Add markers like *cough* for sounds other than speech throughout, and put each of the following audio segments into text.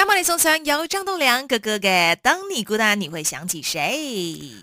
咁啊，今日你送上有張棟梁哥哥嘅《當你孤單你會想起誰》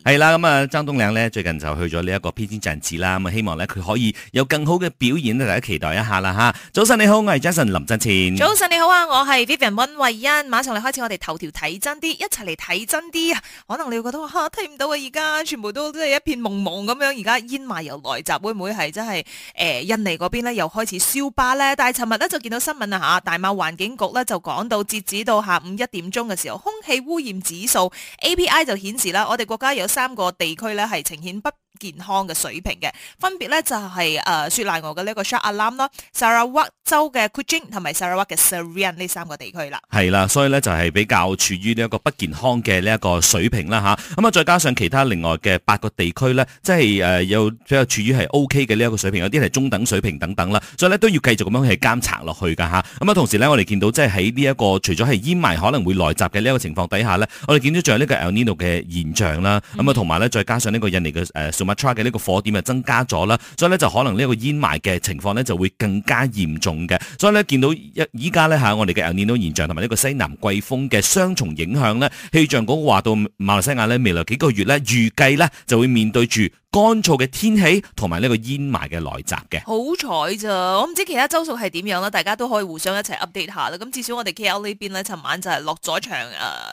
係啦，咁啊，張棟梁咧，最近就去咗呢一個披荊斬棘啦，咁啊，希望咧佢可以有更好嘅表演咧，大家期待一下啦吓。早晨你好，我係 Jason 林振前。早晨你好啊，我係 Vivian 溫慧欣。馬上嚟，開始我哋頭條睇真啲，一齊嚟睇真啲啊！可能你會覺得吓睇唔到啊，而家全部都都係一片蒙蒙咁樣，而家煙霾又來襲，會唔會係真係誒印尼嗰邊呢？又開始燒芭呢？但係尋日呢，就見到新聞啦吓，大馬環境局呢，就講到截止。到下午一點鐘嘅時候，空氣污染指數 API 就顯示啦，我哋國家有三個地區咧係呈現不健康嘅水平嘅，分別咧就係、是、誒、呃、雪梨河嘅呢個 Shar Alam 啦，Sarah 沃州嘅 Qujing 同埋 Sarah 沃嘅 Sarion 呢三個地區啦，係啦，所以咧就係比較處於呢一個不健康嘅呢一個水平啦吓，咁啊再加上其他另外嘅八個地區咧，即係誒、呃、有即係處於係 O K 嘅呢一個水平，有啲係中等水平等等啦，所以咧都要繼續咁樣去監察落去噶吓，咁啊同時咧我哋見到即係喺呢一個除咗係煙霾可能會來襲嘅呢一個情況底下咧，我哋見到仲有，嗯、有呢個 El Nino 嘅現象啦，咁啊同埋咧再加上呢個印尼嘅誒。呃嘅呢個火點又增加咗啦，所以咧就可能呢個煙霾嘅情況咧就會更加嚴重嘅，所以咧見到一依家咧喺我哋嘅厄爾尼諾現象同埋呢個西南季風嘅雙重影響咧，氣象局話到馬來西亞咧未來幾個月咧預計咧就會面對住乾燥嘅天氣同埋呢個煙霾嘅來襲嘅，好彩咋！我唔知道其他州屬係點樣啦，大家都可以互相一齊 update 下啦。咁至少我哋 KL 呢邊咧，尋晚就係落咗場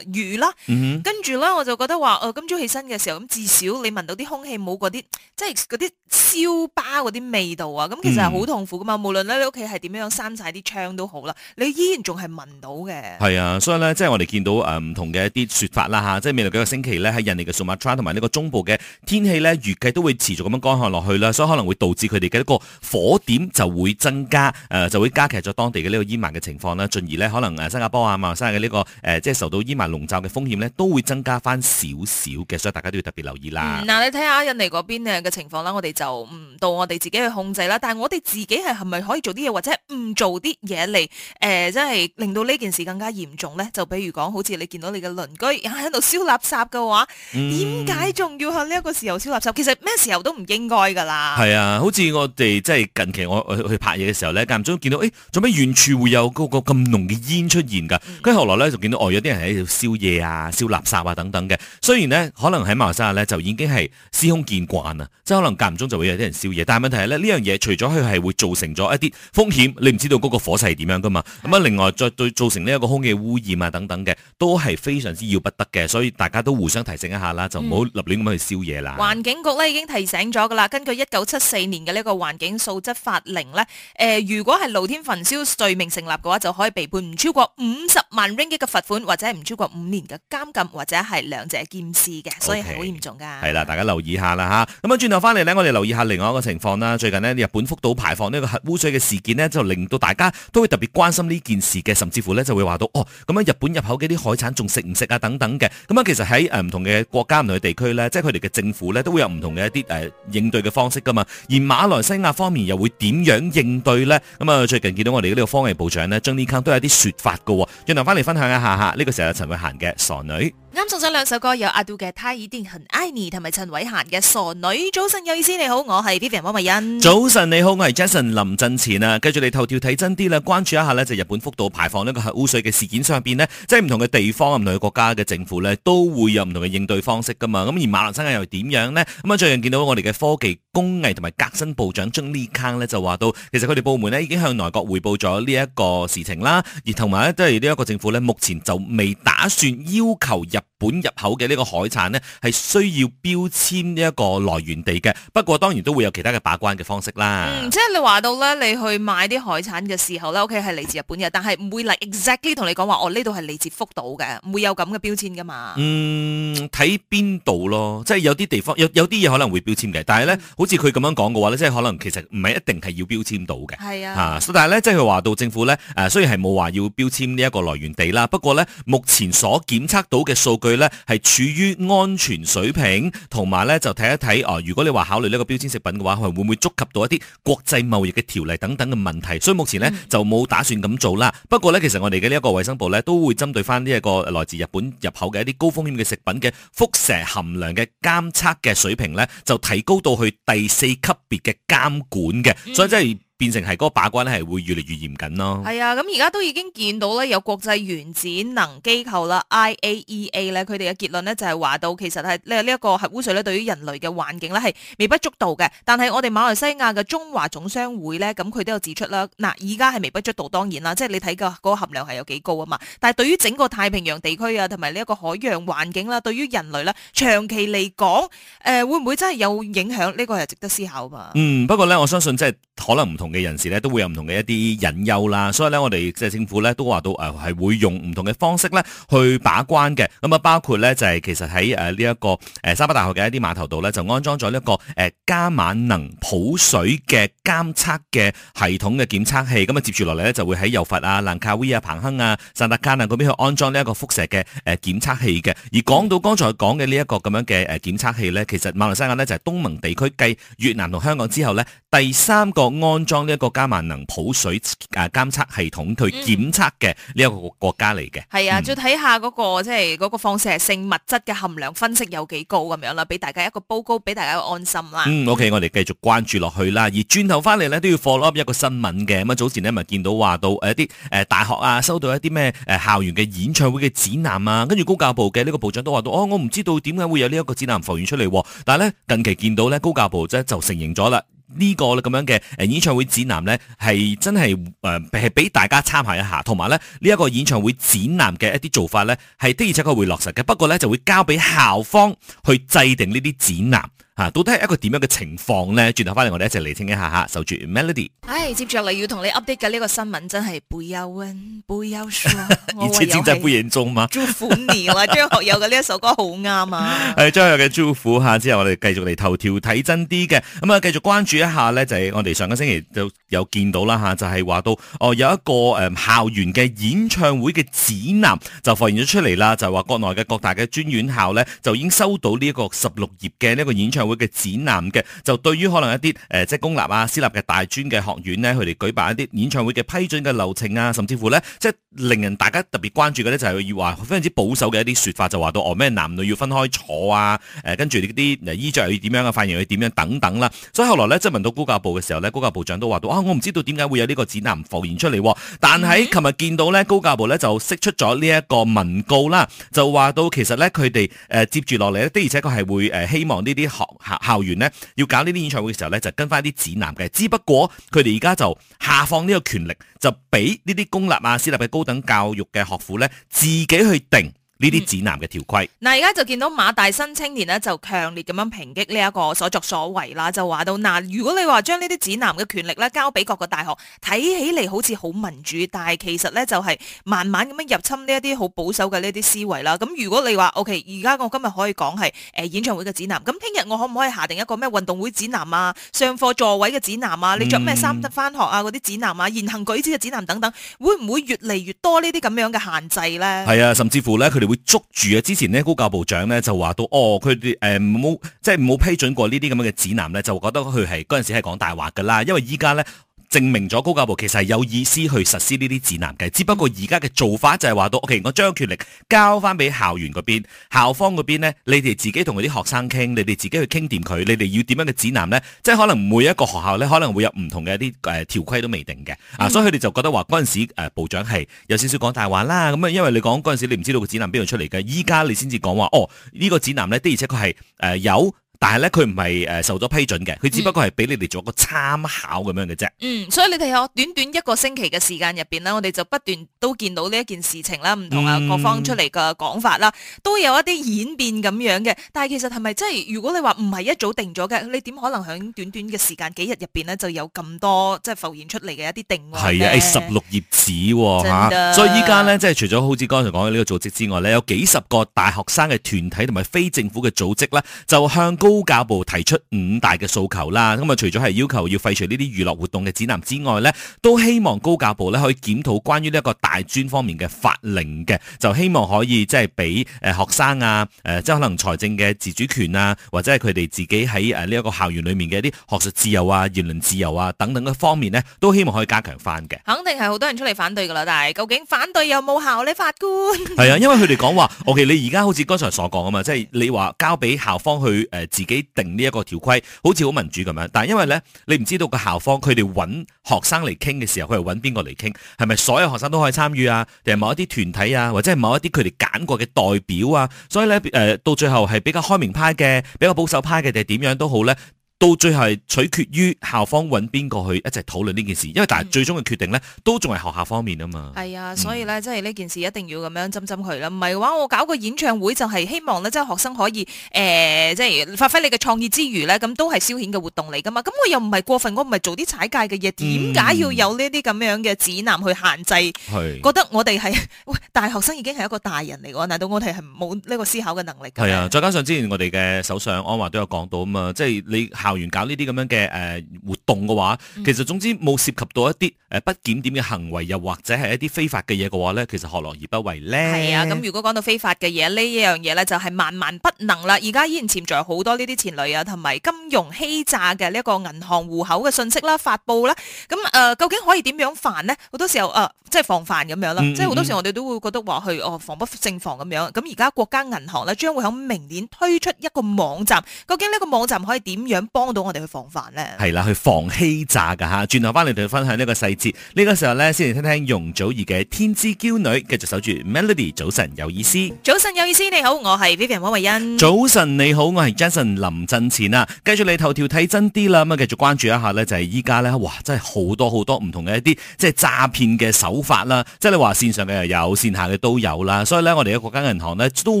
誒雨啦。嗯，跟住咧，我就覺得話，誒，今朝起身嘅時候，咁至少你聞到啲空氣冇嗰啲，即係嗰啲燒巴嗰啲味道啊。咁其實係好痛苦噶嘛。嗯、無論咧你屋企係點樣閂晒啲窗都好啦，你依然仲係聞到嘅。係啊，所以咧，即係我哋見到誒唔同嘅一啲說法啦吓，即係未來幾個星期咧，喺印尼嘅數碼山同埋呢個中部嘅天氣咧，越嘅都會持續咁樣乾旱落去啦，所以可能會導致佢哋嘅一個火點就會增加，誒、呃、就會加劇咗當地嘅呢個煙霾嘅情況啦，進而呢，可能誒新加坡啊馬來西亞嘅呢個誒、呃、即係受到煙霾籠罩嘅風險呢，都會增加翻少少嘅，所以大家都要特別留意啦。嗱、嗯，你睇下印尼嗰邊嘅情況啦，我哋就唔、嗯、到我哋自己去控制啦，但係我哋自己係係咪可以做啲嘢或者唔做啲嘢嚟誒，即、呃、係令到呢件事更加嚴重呢？就比如講，好似你見到你嘅鄰居喺度燒垃圾嘅話，點解仲要喺呢一個時候燒垃圾？其實咩時候都唔應該噶啦，係啊，好似我哋即係近期我去拍嘢嘅時候咧，間唔中見到，誒、欸，做咩遠處會有嗰個咁濃嘅煙出現噶？跟住、嗯、後來咧就見到外有啲人喺度燒嘢啊、燒垃圾啊等等嘅。雖然呢，可能喺馬來西亞咧就已經係司空見慣啊，即係可能間唔中就會有啲人燒嘢，但係問題係咧，呢樣嘢除咗佢係會造成咗一啲風險，你唔知道嗰個火勢係點樣噶嘛。咁啊的，另外再對造成呢一個空氣污染啊等等嘅，都係非常之要不得嘅，所以大家都互相提醒一下啦，就唔好立亂咁去燒嘢啦。環境局都已經提醒咗噶啦，根據一九七四年嘅呢個環境素質法令，呢、呃、誒，如果係露天焚燒罪名成立嘅話，就可以被判唔超過五十萬 ringgit 嘅罰款，或者係唔超過五年嘅監禁，或者係兩者兼施嘅，所以係好嚴重噶。係啦 Okay.，大家留意下啦吓。咁啊，轉頭翻嚟呢，我哋留意下另外一個情況啦。最近呢，日本福島排放呢個核污水嘅事件呢，就令到大家都會特別關心呢件事嘅，甚至乎呢就會話到，哦，咁、嗯、樣日本入口嘅啲海產仲食唔食啊？等等嘅。咁、嗯、啊，其實喺誒唔同嘅國家唔同嘅地區呢，即係佢哋嘅政府呢，都會有唔同。嘅一啲誒應對嘅方式噶嘛，而馬來西亞方面又會點樣應對咧？咁啊，最近見到我哋呢個科藝部長咧，將呢坑都有啲說法噶，轉頭翻嚟分享一下吓。呢個時候陳慧嫻嘅傻女。啱、嗯、送咗兩首歌，有阿杜嘅《他一定很愛你》同埋陳偉嫻嘅《傻女》。早晨，有意思，你好，我係 Vivian 黃慧欣。早晨，你好，我係 Jason 林振前啊！繼續你頭條睇真啲啦，關注一下呢就是，日本福島排放呢、呢個核污水嘅事件上邊呢，即係唔同嘅地方，唔同嘅國家嘅政府呢，都會有唔同嘅應對方式噶嘛。咁而馬來西亞又點樣呢？咁啊，最近見到我哋嘅科技工藝同埋革新部長張利康呢，就話到，其實佢哋部門呢已經向內閣匯報咗呢一個事情啦，而同埋都係呢一個政府呢，目前就未打算要求入。日本入口嘅呢個海產呢，係需要標籤呢一個來源地嘅。不過當然都會有其他嘅把關嘅方式啦。嗯，即係你話到呢，你去買啲海產嘅時候呢，OK 係嚟自日本嘅，但係唔會嚟 exactly 同你講話，我呢度係嚟自福島嘅，唔會有咁嘅標籤噶嘛。嗯，睇邊度咯，即係有啲地方有有啲嘢可能會標籤嘅，但係呢，嗯，好似佢咁樣講嘅話呢，即係可能其實唔係一定係要標籤到嘅。係啊，嚇！但係呢，即係佢話到政府呢，誒雖然係冇話要標籤呢一個來源地啦，不過呢，目前所檢測到嘅數數據咧，係處於安全水平，同埋咧，就睇一睇哦。如果你話考慮呢個標籤食品嘅話，係會唔會觸及到一啲國際貿易嘅條例等等嘅問題？所以目前呢、嗯、就冇打算咁做啦。不過呢，其實我哋嘅呢一個衛生部呢，都會針對翻呢一個來自日本入口嘅一啲高風險嘅食品嘅輻射含量嘅監測嘅水平呢，就提高到去第四級別嘅監管嘅。所以即係。嗯變成係嗰把關咧，係會越嚟越嚴謹咯。係啊，咁而家都已經見到咧，有國際原子能機構啦 （IAEA） 咧，佢哋嘅結論咧就係話到，其實係呢呢一個核污水咧，對於人類嘅環境咧係微不足道嘅。但係我哋馬來西亞嘅中華總商會咧，咁佢都有指出啦。嗱，而家係微不足道當然啦，即係你睇個嗰含量係有幾高啊嘛。但係對於整個太平洋地區啊，同埋呢一個海洋環境啦，對於人類咧，長期嚟講，誒會唔會真係有影響？呢、呢個係值得思考嘛。嗯，不過咧，我相信即係可能唔同。嘅人士咧都會有唔同嘅一啲隱憂啦，所以咧我哋即係政府咧都話到誒係會用唔同嘅方式咧去把關嘅，咁啊包括咧就係其實喺誒呢一個誒沙巴大學嘅一啲碼頭度咧就安裝咗呢一個誒加碼能普水嘅監測嘅系統嘅檢測器，咁啊接住落嚟咧就會喺柔佛啊、蘭卡威啊、彭亨啊、薩達卡啊嗰邊去安裝呢一個輻射嘅誒檢測器嘅。而講到剛才講嘅呢一個咁樣嘅誒檢測器咧，其實馬來西亞咧就係東盟地區繼越南同香港之後咧第三個安裝呢一個加萬能普水誒監測系統去檢測嘅呢一個國家嚟嘅，係啊、嗯，再睇、嗯、下嗰、那個即係、就是、個放射性物質嘅含量分析有幾高，咁樣啦，俾大家一個報告，俾大家一個安心啦。嗯，OK，我哋繼續關注落去啦。而轉頭翻嚟咧都要 follow up 一個新聞嘅。咁啊，早前咧咪見到話到誒一啲誒、呃、大學啊收到一啲咩誒校園嘅演唱會嘅指南啊，跟住高教部嘅呢個部長都話到哦，我唔知道點解會有呢一個指南浮現出嚟、啊。但係咧近期見到咧高教部啫就承認咗啦。呢個咁樣嘅誒演唱會指南呢，係真係誒係俾大家參考一下，同埋呢，呢、這、一個演唱會指南嘅一啲做法呢，係的而且確會落實嘅。不過呢，就會交俾校方去制定呢啲指南。吓，到底係一個點樣嘅情況咧？轉頭返嚟我哋一齊嚟聽一下吓，守住 Melody。唉、哎，接住嚟要同你 update 嘅呢個新聞真係不要問，不要說， *laughs* 而且真真係不言中嘛？ *laughs* 祝福你啦，張 *laughs* 學友嘅呢一首歌好啱啊！係張學友嘅祝福吓，之後我哋繼續嚟頭條睇真啲嘅，咁啊繼續關注一下咧，就係、是、我哋上個星期就。有見到啦就係、是、話到哦，有一個、嗯、校園嘅演唱會嘅指南就發現咗出嚟啦，就係話國內嘅各大嘅專院校咧就已經收到呢一個十六頁嘅呢個個演唱會嘅指南嘅，就對於可能一啲、呃、即係公立啊、私立嘅大專嘅學院咧，佢哋舉辦一啲演唱會嘅批准嘅流程啊，甚至乎咧即係令人大家特別關注嘅咧，就係話非常之保守嘅一啲說法，就話到哦咩男女要分開坐啊，呃、跟住啲衣着要點樣啊，髮型要點樣等等啦、啊，所以後來咧即係問到高教部嘅時候咧，高教部長都話到我唔知道點解會有呢個指南浮現出嚟，但喺琴日見到咧，高教部咧就釋出咗呢一個文告啦，就話到其實咧佢哋誒接住落嚟咧，的而且確係會誒希望呢啲學校校園咧要搞呢啲演唱會嘅時候咧，就跟翻啲指南嘅，只不過佢哋而家就下放呢個權力，就俾呢啲公立啊，私立嘅高等教育嘅學府咧自己去定。呢啲指南嘅條規，嗱而家就見到馬大新青年呢，就強烈咁樣抨擊呢一個所作所為啦，就話到嗱、啊，如果你話將呢啲指南嘅權力咧交俾各個大學，睇起嚟好似好民主，但係其實咧就係慢慢咁樣入侵呢一啲好保守嘅呢啲思維啦。咁如果你話，OK，而家我今日可以講係演唱會嘅指南，咁聽日我可唔可以下定一個咩運動會指南啊、上課座位嘅指南啊、你着咩衫得翻學啊嗰啲指南啊、言行舉止嘅指南等等，會唔會越嚟越多呢啲咁樣嘅限制咧？係啊，甚至乎咧，佢哋會會捉住啊！之前咧，高教部長咧就話到，哦，佢哋誒冇，即係冇批准過呢啲咁樣嘅指南咧，就覺得佢係嗰陣時係講大話噶啦，因為依家咧。證明咗高教部其實係有意思去實施呢啲指南嘅，只不過而家嘅做法就係話到，OK，我將權力交翻俾校園嗰邊、校方嗰邊呢，你哋自己同嗰啲學生傾，你哋自己去傾掂佢，你哋要點樣嘅指南呢？即係可能每一個學校呢可能會有唔同嘅一啲誒條規都未定嘅、嗯、啊，所以佢哋就覺得話嗰陣時、呃、部長係有少少講大話啦。咁啊，因為你講嗰陣時你唔知道個指南邊度出嚟嘅，依家你先至講話哦，呢、呢個指南呢，的而且確係、呃、有。但係咧，佢唔係誒受咗批准嘅，佢只不過係俾你哋做個參考咁樣嘅啫。嗯，所以你哋有短短一個星期嘅時間入邊咧，我哋就不斷都見到呢一件事情啦，唔同啊各方出嚟嘅講法啦，都有一啲演變咁樣嘅。但係其實係咪即係如果你話唔係一早定咗嘅，你點可能喺短短嘅時間幾日入邊咧就有咁多即係浮現出嚟嘅一啲定案？係啊，誒十六頁紙喎嚇，所以依家咧即係除咗好似剛才講嘅呢個組織之外咧，有幾十個大學生嘅團體同埋非政府嘅組織咧，就向高高教部提出五大嘅訴求啦，咁啊除咗係要求要廢除呢啲娛樂活動嘅指南之外咧，都希望高教部咧可以檢討關於呢一個大專方面嘅法令嘅，就希望可以即係俾誒學生啊，誒即係可能財政嘅自主權啊，或者係佢哋自己喺誒呢一個校園裏面嘅一啲學術自由啊、言論自由啊等等嘅方面咧，都希望可以加強翻嘅。肯定係好多人出嚟反對噶啦，但係究竟反對有冇效咧？法官係啊，因為佢哋講話，OK，你而家好似剛才所講啊嘛，即係你話交俾校方去誒自自己定呢一個條規，好似好民主咁樣。但係因為呢，你唔知道個校方佢哋揾學生嚟傾嘅時候，佢係揾邊個嚟傾？係咪所有學生都可以參與啊？定係某一啲團體啊，或者係某一啲佢哋揀過嘅代表啊？所以呢，呃，到最後係比較開明派嘅，比較保守派嘅，定係點樣都好呢。到最後取決於校方揾邊個去一齊討論呢件事，因為但係最終嘅決定呢，都仲係學校方面啊嘛。係啊，所以呢，嗯、即係呢件事一定要咁樣針針佢啦。唔係嘅話，我搞個演唱會就係希望呢，即、就、係、是、學生可以誒、呃，即係發揮你嘅創意之餘呢，咁都係消遣嘅活動嚟噶嘛。咁我又唔係過分，我唔係做啲踩界嘅嘢，點解要有呢啲咁樣嘅指南去限制？係、嗯、覺得我哋係喂，大學生已經係一個大人嚟㗎，難道我哋係冇呢個思考嘅能力的。係啊，再加上之前我哋嘅首相安華都有講到啊嘛，即係你校學員搞呢啲咁樣嘅誒活動嘅話，其實總之冇涉及到一啲誒不檢點嘅行為，又或者係一啲非法嘅嘢嘅話咧，其實何樂而不為咧。係啊，咁如果講到非法嘅嘢呢一樣嘢咧，就係萬萬不能啦。而家依然潛在好多呢啲錢雷啊，同埋金融欺詐嘅呢一個銀行戶口嘅信息啦、發布啦。咁誒、呃，究竟可以點樣防呢？好多時候誒、呃，即係防範咁樣啦。即係好多時候我哋都會覺得話、嗯嗯、去哦防不勝防咁樣。咁而家國家銀行咧將會喺明年推出一個網站，究竟呢個網站可以點樣幫？幫到我哋去防範咧，係啦，去防欺詐噶吓。轉頭翻嚟同你分享呢個細節。呢個時候咧，先嚟聽聽容祖兒嘅《天之嬌女》，繼續守住 Melody。早晨有意思，早晨有意思，你好，我係 Vivian 汪慧欣。早晨你好，我係 Jason 林振前啊。繼續你頭條睇真啲啦，咁啊，繼續關注一下呢，就係依家呢。哇，真係好多好多唔同嘅一啲即係詐騙嘅手法啦。即係你話線上嘅又有，線下嘅都有啦。所以呢，我哋嘅國家銀行呢，都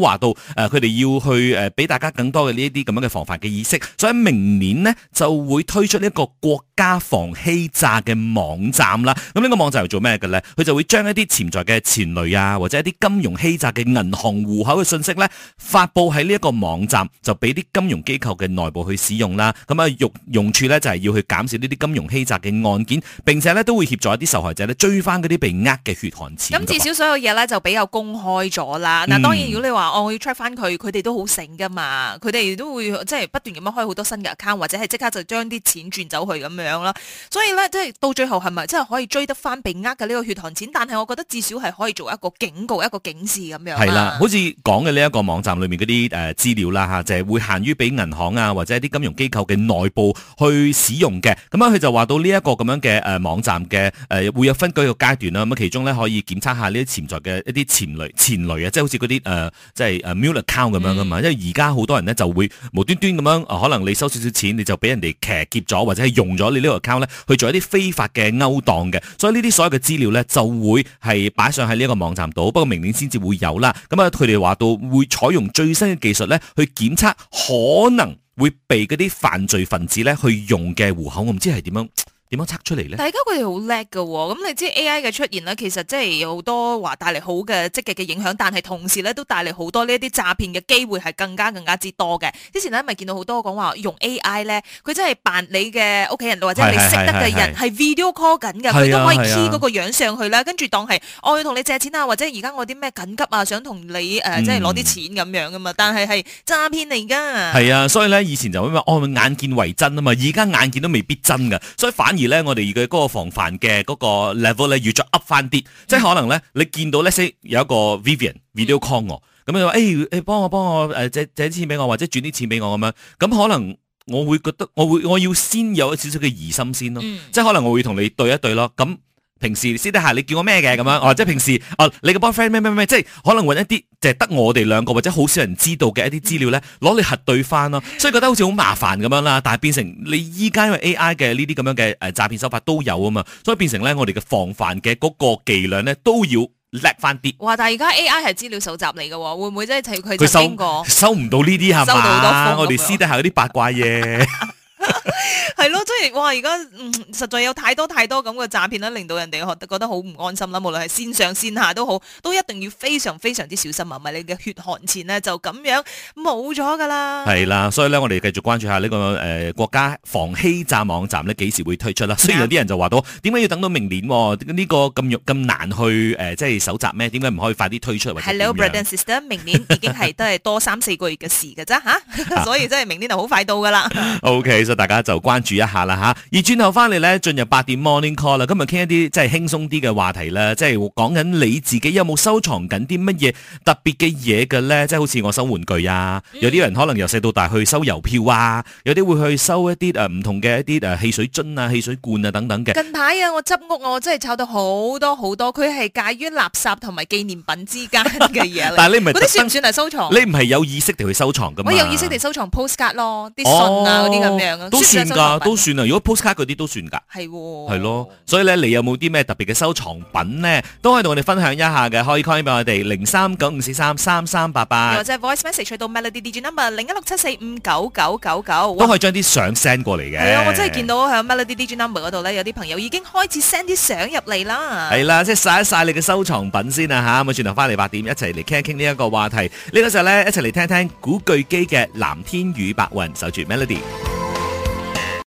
話到誒，佢哋要去誒俾大家更多嘅呢一啲咁樣嘅防範嘅意識，所以明面咧就會推出呢一個國家防欺詐嘅網站啦。咁呢個網站係做咩嘅咧？佢就會將一啲潛在嘅潛雷啊，或者一啲金融欺詐嘅銀行戶口嘅信息咧，發布喺呢一個網站，就俾啲金融機構嘅內部去使用啦。咁、嗯、啊，用用處咧就係、是、要去減少呢啲金融欺詐嘅案件，並且咧都會協助一啲受害者咧追翻嗰啲被呃嘅血汗錢。咁至少所有嘢咧就比較公開咗啦。但當然、嗯、如果你話、哦、我要 check 翻佢，佢哋都好醒㗎嘛，佢哋都會即係不斷咁樣開好多新嘅卡。或者係即刻就將啲錢轉走去咁樣啦，所以咧即係到最後係咪真係可以追得翻被呃嘅呢個血汗錢？但係我覺得至少係可以做一個警告、一個警示咁樣。係啦，好似講嘅呢一個網站裏面嗰啲資料啦嚇、啊，就係、是、會限於俾銀行啊或者一啲金融機構嘅內部去使用嘅。咁啊，佢就話到呢一個咁樣嘅、啊、網站嘅、啊、會有分幾個階段啦。咁、啊、其中咧可以檢測下呢啲潛在嘅一啲潛雷潛雷、就是、啊，即、就、係、是、好、啊、似嗰啲即係 mule account 咁樣噶嘛。嗯、因為而家好多人咧就會無端端咁樣、啊，可能你收少少。錢你就俾人哋騎劫咗，或者係用咗你呢個 account 咧去做一啲非法嘅勾當嘅，所以呢啲所有嘅資料咧就會係擺上喺呢一個網站度。不過明年先至會有啦。咁啊，佢哋話到會採用最新嘅技術咧，去檢測可能會被嗰啲犯罪分子咧去用嘅戶口，我唔知係點樣。點樣測出嚟咧？大家佢哋好叻㗎喎，咁你知 A.I. 嘅出現咧，其實即係有好多話帶嚟好嘅積極嘅影響，但係同時咧都帶嚟好多呢一啲詐騙嘅機會係更加更加之多嘅。之前咧咪見到好多講話用 A.I. 咧，佢真係扮你嘅屋企人或者你識得嘅人係 video call 緊嘅，佢都可以 key 嗰個樣上去啦，跟住當係我要同你借錢啊，或者而家我啲咩緊急啊，想同你誒、呃、即係攞啲錢咁樣㗎嘛，但係係詐騙嚟㗎。係啊，所以咧以前就因為哦眼見為真啊嘛，而家眼見都未必真㗎，所以反而。而咧，我哋而嘅嗰個防範嘅嗰個 level 咧，要再 up 翻啲，嗯、即係可能咧，你見到呢些有一個 Vivian video call 我，咁、嗯、你話，誒、欸、幫、欸、我幫我誒、呃、借借啲錢俾我，或者轉啲錢俾我咁樣，咁、嗯、可能我會覺得，我會我要先有一少少嘅疑心先咯，嗯、即係可能我會同你對一對咯，咁、嗯。平時私底下你叫我咩嘅咁樣，或者平時你個 boyfriend 咩咩咩，即係可能揾一啲就係得我哋兩個或者好少人知道嘅一啲資料咧，攞嚟核對翻咯，所以覺得好似好麻煩咁樣啦。但係變成你依家因為 A I 嘅呢啲咁樣嘅誒詐騙手法都有啊嘛，所以變成咧我哋嘅防範嘅嗰個伎倆咧都要叻翻啲。哇！但而家 A I 係資料搜集嚟嘅喎，會唔會即係睇佢經過收唔到呢啲係嘛？收到好多。我哋私底下有啲八卦嘢。 *laughs* 係咯，即係哇！而家實在有太多太多咁嘅詐騙啦，令到人哋學得覺得好唔安心啦。無論係線上線下都好，都一定要非常非常之小心啊！唔係你嘅血汗錢咧就咁樣冇咗噶啦。係啦，所以咧我哋繼續關注下呢個誒國家防欺詐網站咧幾時會推出啦？雖然有啲人就話到，點解要等到明年呢個咁欲咁難去誒，即係搜集咩？點解唔可以快啲推出或者咁樣？Hello，Brother and Sister，明年已經係都係多三四個月嘅事噶咋吓，所以真係明年就好快到噶啦。OK，所以大家就。關注一下啦，吓，而轉頭翻嚟咧進入八點 morning call 啦，今日傾一啲即係輕鬆啲嘅話題啦，即係講緊你自己有冇收藏緊啲乜嘢特別嘅嘢嘅咧？即係好似我收玩具啊，嗯、有啲人可能由細到大去收郵票啊，有啲會去收一啲誒唔同嘅一啲誒汽水樽啊、汽水罐啊等等嘅。近排啊，我執屋我真係炒到好多好多，佢係介於垃圾同埋紀念品之間嘅嘢 *laughs* 但你唔係啲算唔算係收藏？你唔係有意識地去收藏㗎嘛？我有意識地收藏 postcard 咯，啲信啊嗰啲咁樣。都算噶都算啊，如果 postcard 嗰啲都算噶，係喎，係咯，所以咧，你有冇啲咩特別嘅收藏品咧？都可以同我哋分享一下嘅，可以 call 翻俾我哋零三九五四三三三八八，或者 voice message 到 melody digit number 零一六七四五九九九九，都可以將啲相 send 過嚟嘅。係啊，我真係見到喺 melody digit number 嗰度咧，有啲朋友已經開始 send 啲相入嚟啦。係啦，即係晒一晒你嘅收藏品先啊，吓，咁啊，轉頭翻嚟八點一齊嚟傾一傾呢一個話題，呢個時候咧一齊嚟聽聽古巨基嘅《藍天與白雲》，守住 melody。